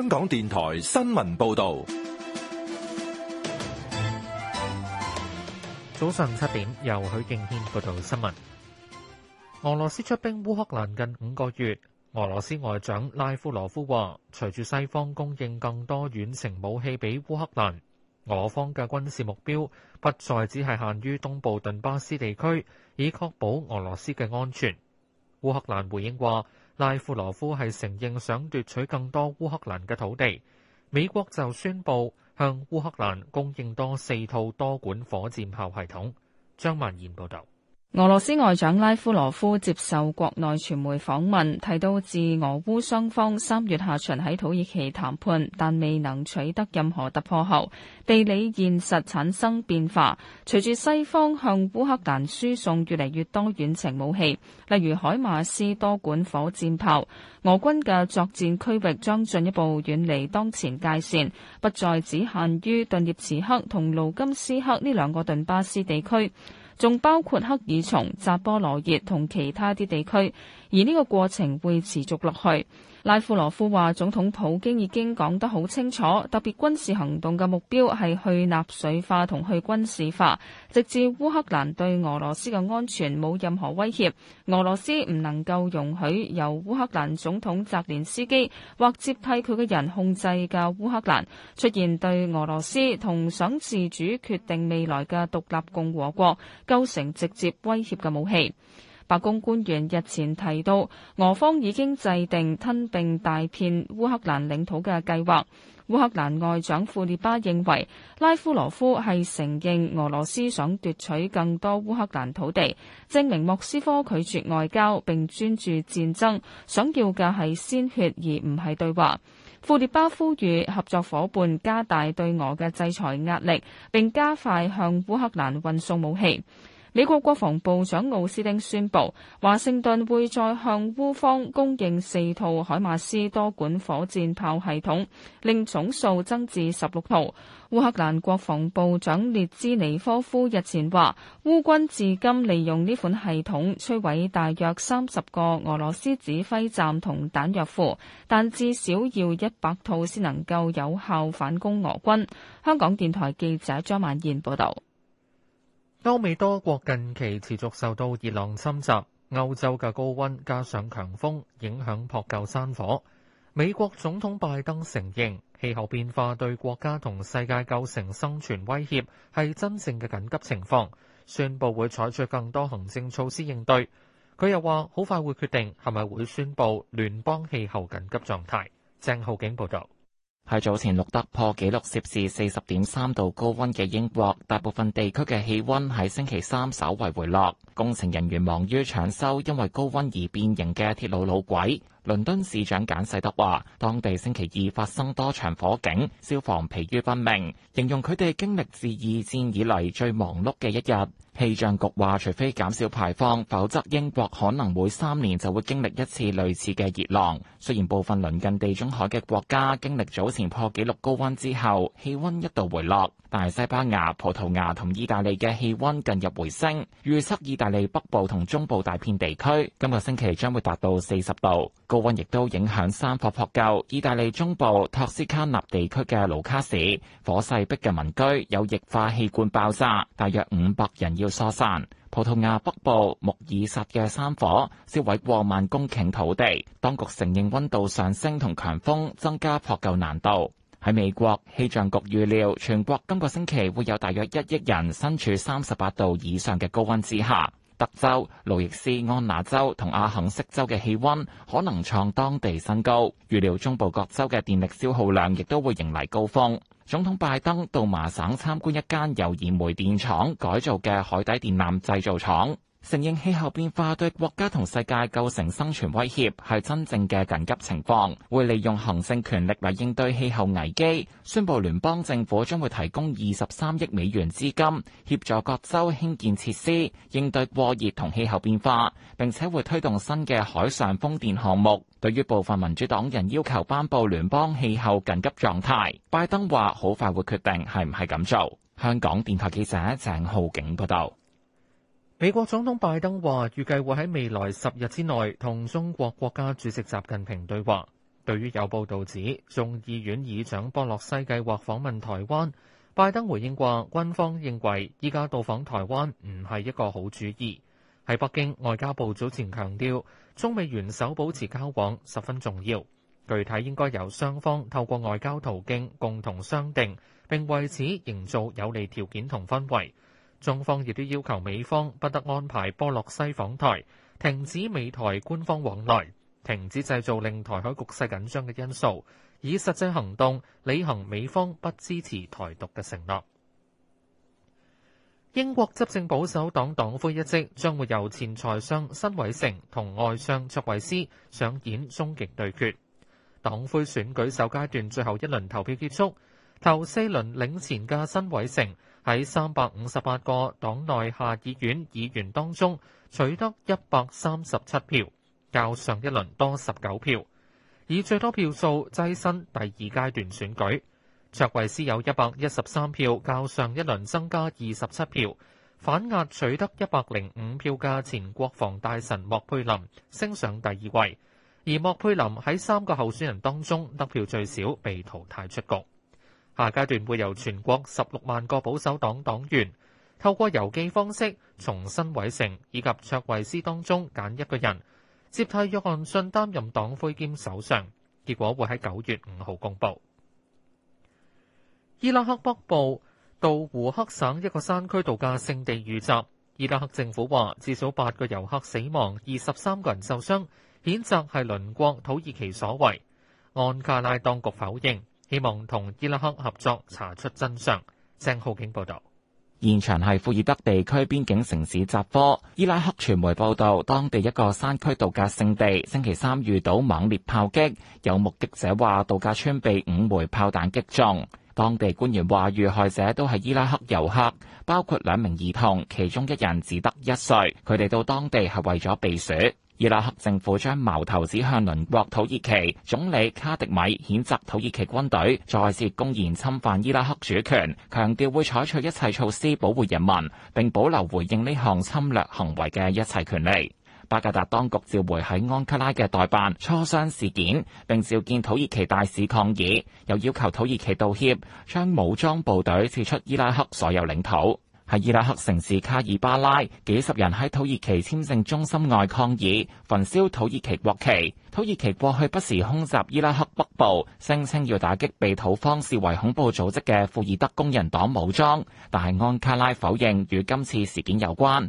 香港電台新聞報道，早上七點由許敬軒報道新聞。俄羅斯出兵烏克蘭近五個月，俄羅斯外長拉夫羅夫話，隨住西方供應更多遠程武器俾烏克蘭，俄方嘅軍事目標不再只係限於東部頓巴斯地區，以確保俄羅斯嘅安全。烏克蘭回應話，拉夫羅夫係承認想奪取更多烏克蘭嘅土地，美國就宣布向烏克蘭供應多四套多管火箭炮系統。張萬賢報道。俄羅斯外長拉夫羅夫接受國內傳媒訪問，提到自俄烏雙方三月下旬喺土耳其談判，但未能取得任何突破後，地理現實產生變化。隨住西方向烏克蘭輸送越嚟越多遠程武器，例如海馬斯多管火箭炮，俄軍嘅作戰區域將進一步遠離當前界線，不再只限於頓涅茨克同盧甘斯克呢兩個頓巴斯地區。仲包括赫爾松、扎波羅熱同其他啲地區，而呢個過程會持續落去。拉夫羅夫話：總統普京已經講得好清楚，特別軍事行動嘅目標係去納粹化同去軍事化，直至烏克蘭對俄羅斯嘅安全冇任何威脅。俄羅斯唔能夠容許由烏克蘭總統澤連斯基或接替佢嘅人控制嘅烏克蘭出現對俄羅斯同想自主決定未來嘅獨立共和國構成直接威脅嘅武器。白宮官員日前提到，俄方已經制定吞併大片烏克蘭領土嘅計劃。烏克蘭外長庫列巴認為，拉夫羅夫係承認俄羅斯想奪取更多烏克蘭土地，證明莫斯科拒絕外交並專注戰爭，想要嘅係鮮血而唔係對話。庫列巴呼籲合作伙伴加大對俄嘅制裁壓力，並加快向烏克蘭運送武器。美國國防部長奧斯汀宣布，華盛頓會再向烏方供應四套海馬斯多管火箭炮系統，令總數增至十六套。烏克蘭國防部長列茲尼科夫日前話，烏軍至今利用呢款系統摧毀大約三十個俄羅斯指揮站同彈藥庫，但至少要一百套先能夠有效反攻俄軍。香港電台記者張曼燕報道。歐美多國近期持續受到熱浪侵襲，歐洲嘅高溫加上強風，影響撲救山火。美國總統拜登承認，氣候變化對國家同世界構成生存威脅，係真正嘅緊急情況，宣布會採取更多行政措施應對。佢又話好快會決定係咪會宣布聯邦氣候緊急狀態。鄭浩景報道。喺早前錄得破紀錄，攝氏四十點三度高溫嘅英國，大部分地區嘅氣溫喺星期三稍為回落。工程人員忙於搶修因為高溫而變形嘅鐵路路軌。倫敦市長簡世德話，當地星期二發生多場火警，消防疲於奔命，形容佢哋經歷自二戰以嚟最忙碌嘅一日。氣象局話除非減少排放，否則英國可能每三年就會經歷一次類似嘅熱浪。雖然部分鄰近地中海嘅國家經歷早前破紀錄高温之後氣溫一度回落，但係西班牙、葡萄牙同意大利嘅氣溫近日回升。預測意大利北部同中部大片地區今個星期將會達到四十度高温，亦都影響山火撲救。意大利中部托斯卡納地區嘅盧卡市火勢逼近民居，有液化氣罐爆炸，大約五百人要疏散。葡萄牙北部穆爾薩嘅山火燒毀過萬公頃土地，當局承認溫度上升同強風增加撲救難度。喺美國，氣象局預料全國今個星期會有大約一億人身處三十八度以上嘅高溫之下。德州、路易斯安那州同阿肯色州嘅氣溫可能創當地新高。預料中部各州嘅電力消耗量亦都會迎嚟高峰。總統拜登到麻省參觀一間由燃煤電廠改造嘅海底電纜製造廠，承認氣候變化對國家同世界構成生存威脅，係真正嘅緊急情況，會利用行政權力嚟應對氣候危機。宣布聯邦政府將會提供二十三億美元資金，協助各州興建設施應對過熱同氣候變化，並且會推動新嘅海上風電項目。對於部分民主黨人要求頒布聯邦氣候緊急狀態，拜登話好快會決定係唔係咁做。香港電台記者鄭浩景報道。美國總統拜登話，預計會喺未來十日之內同中國國家主席習近平對話。對於有報道指眾議院議長波洛西計劃訪問台灣，拜登回應話，軍方認為依家到訪台灣唔係一個好主意。喺北京，外交部早前強調，中美元首保持交往十分重要，具體應該由雙方透過外交途徑共同商定，並為此營造有利條件同氛圍。中方亦都要求美方不得安排波洛西訪台，停止美台官方往來，停止製造令台海局勢緊張嘅因素，以實際行動履行美方不支持台獨嘅承諾。英國執政保守黨黨魁一職將會由前財相辛偉誠同外相卓慧思上演終極對決，黨魁選舉首階段最後一輪投票結束，頭四輪領前嘅辛偉誠。喺三百五十八個黨內下議院議員當中取得一百三十七票，較上一輪多十九票，以最多票數躋身第二階段選舉。卓慧思有一百一十三票，較上一輪增加二十七票，反壓取得一百零五票嘅前國防大臣莫佩林升上第二位，而莫佩林喺三個候選人當中得票最少，被淘汰出局。下階段會由全國十六萬個保守黨黨員透過郵寄方式，從辛偉誠以及卓慧思當中揀一個人接替約翰遜擔任黨魁兼首相，結果會喺九月五號公佈。伊拉克北部杜胡克省一個山區度假勝地遇襲，伊拉克政府話至少八個遊客死亡，二十三個人受傷，譴責係鄰國土耳其所為。安卡拉當局否認。希望同伊拉克合作查出真相。鄭浩景報道，現場係庫爾德地區邊境城市扎科。伊拉克傳媒報道，當地一個山區度假勝地星期三遇到猛烈炮擊，有目擊者話度假村被五枚炮彈擊中。當地官員話遇害者都係伊拉克遊客，包括兩名兒童，其中一人只得一歲。佢哋到當地係為咗避暑。伊拉克政府將矛頭指向鄰國土耳其，總理卡迪米譴責土耳其軍隊再次公然侵犯伊拉克主權，強調會採取一切措施保護人民並保留回應呢項侵略行為嘅一切權利。巴格達當局召回喺安卡拉嘅代辦，磋商事件，並召見土耳其大使抗議，又要求土耳其道歉，將武裝部隊撤出伊拉克所有領土。喺伊拉克城市卡爾巴拉，幾十人喺土耳其簽證中心外抗議，焚燒土耳其國旗。土耳其過去不時空襲伊拉克北部，聲稱要打擊被土方視為恐怖組織嘅庫爾德工人黨武裝，但係安卡拉否認與今次事件有關。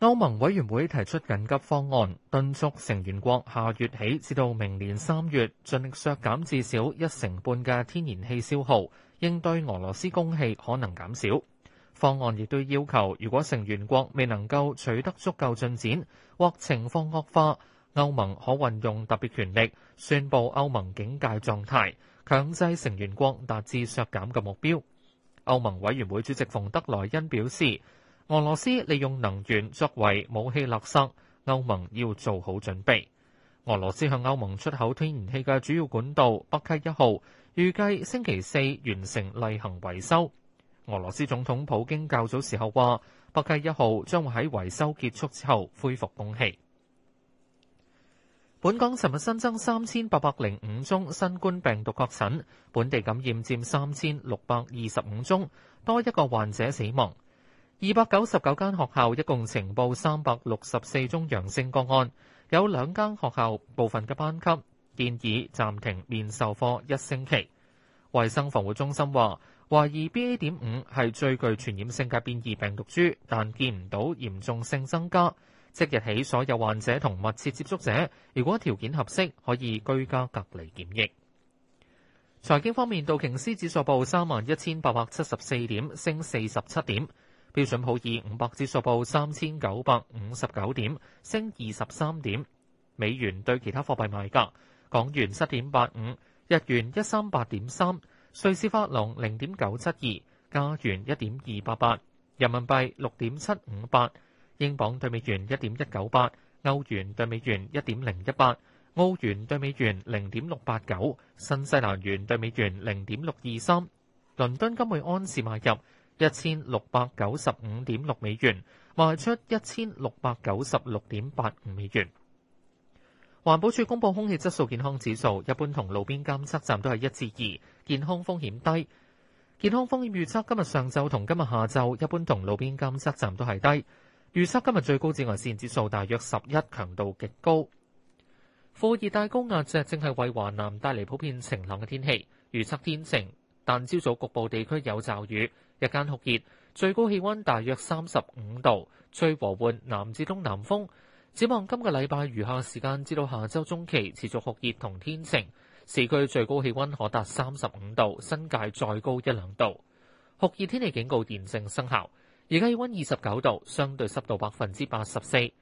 歐盟委員會提出緊急方案，敦促成員國下月起至到明年三月，盡力削減至少一成半嘅天然氣消耗，應對俄羅斯供氣可能減少。方案亦都要求，如果成員國未能夠取得足夠進展或情況惡化，歐盟可運用特別權力，宣佈歐盟警戒狀態，強制成員國達至削減嘅目標。歐盟委員會主席馮德萊恩表示，俄羅斯利用能源作為武器勒索，歐盟要做好準備。俄羅斯向歐盟出口天然氣嘅主要管道北溪一號，預計星期四完成例行維修。俄羅斯總統普京較早時候話，北溪一號將會喺維修結束之後恢復供氣。本港尋日新增三千八百零五宗新冠病毒確診，本地感染佔三千六百二十五宗，多一個患者死亡。二百九十九間學校一共呈報三百六十四宗陽性個案，有兩間學校部分嘅班級建議暫停面授課一星期。衛生防護中心話，懷疑 BA.5 係最具傳染性嘅變異病毒株，但見唔到嚴重性增加。即日起，所有患者同密切接觸者，如果條件合適，可以居家隔離檢疫。財經方面，道瓊斯指數報三萬一千八百七十四點，升四十七點。標準普爾五百指數報三千九百五十九點，升二十三點。美元對其他貨幣賣價：港元七點八五，日元一三八點三，瑞士法郎零點九七二，加元一點二八八，人民幣六點七五八，英鎊對美元一點一九八，歐元對美元一點零一八，澳元對美元零點六八九，新西蘭元對美元零點六二三。倫敦金會安士買入，一千六百九十五點六美元，賣出一千六百九十六點八五美元。環保署公布空氣質素健康指數，一般同路邊監測站都係一至二，健康風險低。健康風險預測今日上晝同今日下晝，一般同路邊監測站都係低。預測今日最高紫外線指數大約十一，強度極高。副熱帶高壓脊正係為華南帶嚟普遍晴朗嘅天氣，預測天晴。但朝早局部地區有驟雨，日間酷熱，最高氣溫大約三十五度，吹和緩南至東南風。展望今個禮拜餘下時間至到下周中期持續酷熱同天晴，市區最高氣溫可達三十五度，新界再高一兩度。酷熱天氣警告現正生效，而家氣溫二十九度，相對濕度百分之八十四。